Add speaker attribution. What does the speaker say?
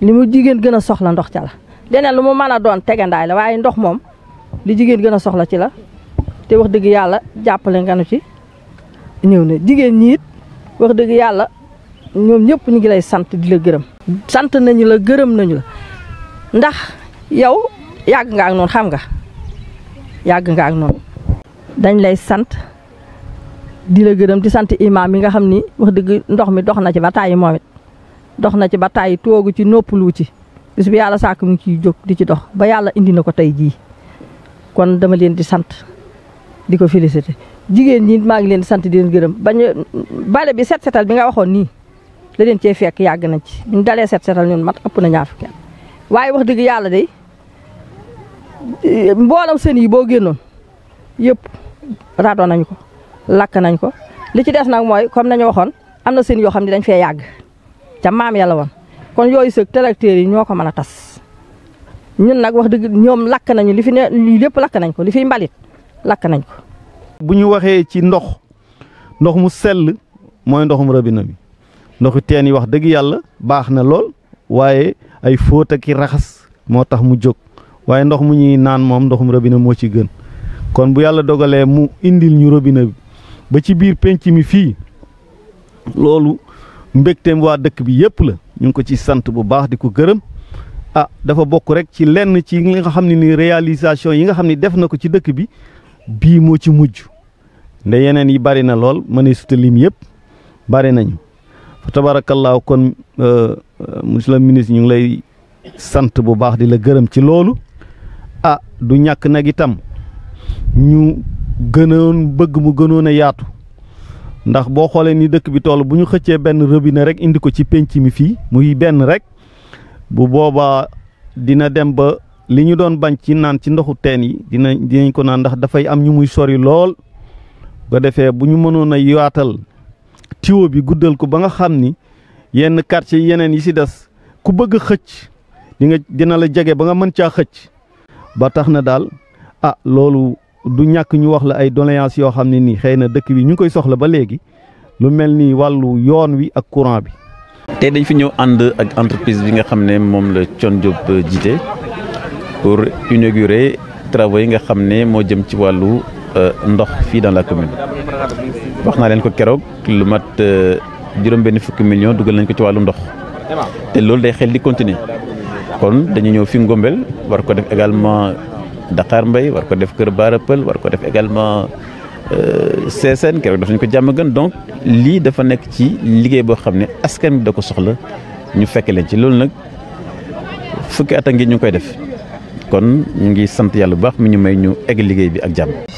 Speaker 1: li mu jigéen gën a soxla ndox cala la leneen lu mu mën a doon tegandaay la waaye ndox moom li jigéen gën a soxla ci la te wax dëgg yàlla jàppale nga nu ci ñëw na jigéen ñi wax dëgg yàlla ñoom ñëpp ñu ngi lay sant di la gërëm. sant nañu la gërëm nañu la ndax yow yàgg nga ak noonu xam nga yàgg nga ak noonu dañ lay sant di la gërëm di sant imaam yi nga xam ni wax dëgg ndox mi dox na ci ba tàyyi moomi dox na ci ba tàyyi toogu ci noppalu ci bis bi yàlla sàkk mu ngi ciy jóg di ci dox ba yàlla indi na ko tey jii kon dama leen di sant di ko félicité jigéen ñii maa ngi leen di sant di leen gërëm bañ bale bi set setal bi nga waxoon nii la leen cee fekk yàgg nañ ci ñu dalee set seetal ñun mat ëpp na ñaar fukki waaye wax dëgg yàlla de mboolam seen yi boo génnoon yëpp raadoo nañ ko lakk nañ ko li ci des nag mooy comme nañu waxoon am na seen yoo xam ne dañ fee yàgg ca maam yàlla woon kon yooyu sëg tracteurs yi ñoo ko mën a tas ñun nag wax dëgg ñoom lakk nañu li fi ne lii lépp lakk nañ ko li fiy mbalit lakk nañ ko. bu ñu waxee
Speaker 2: ci ndox ndox mu sell mooy ndoxum robinet bi ndoxu teen yi wax dëgg yàlla baax na lool waaye ay fóot ak i raxas moo tax mu jóg waaye ndox mu ñuy naan moom ndoxum robinet moo ci gën kon bu yàlla dogalee mu indil ñu robinet bi ba ci biir penc mi fii loolu. mbégteem waa dëkk bi yëpp la ñu ngi ko ci sant bu baax di ko gërëm ah dafa bokk rek ci lenn ci nga xam ne ni réalisation yi nga xam ni def na ko ci dëkk bi bii moo ci mujj nde yeneen yi bari na lool mënee suta lim yëpp bari nañu fa tabaarakallaahu kon euh, euh, monsieur le ministre ñu ngi lay sant bu baax di la gërëm ci loolu ah du ñàkk nag itam ñu gënoon bëgg mu gënoon a yaatu ndax bo xolé ni dëkk bi tollu buñu xëccé ben robinet rek indi ko ci penc mi fi muy ben rek bu boba dina dem ba liñu doon bañ ci naan ci ndoxu teen yi dina dinañ ko naan ndax fay am ñu muy sori lool ba défé buñu mënon na a tiwo bi guddal ko ba nga xamni yenn quartier yenen yi ci dess ku bëgg xëcc di nga dina la jégé ba nga mën ca xëcc ba taxna dal ah loolu du ñak ñu wax la ay doléances yo xamni ni xeyna dëkk bi ñu koy soxla ba légui lu melni walu yoon wi ak courant bi.
Speaker 3: té dañ fi ñëw ànd ak entreprise bi nga xamné mom la Thione Diop jité pour inaugurer travaux yi nga xamné mo jëm ci walu ndox fi dans la commune wax na leen ko kérok lu mat juroom ben fukk million duggal nañ ko ci walu ndox te loolu day xel di continuer kon dañu ñëw fi Ngombel war ko def également. Dakar Mbay war ko def Kër Baara Pël war ko def également CSN euh, keroog def nañ ko jàmm a gën donc lii dafa nekk ci liggéey boo xam ne askan bi da ko soxla ñu fekk leen ci loolu nag fukki at a ngi ñu koy def kon ñu ngi sant yàlla bu baax mi ñu may ñu egg liggéey bi ak jàmm.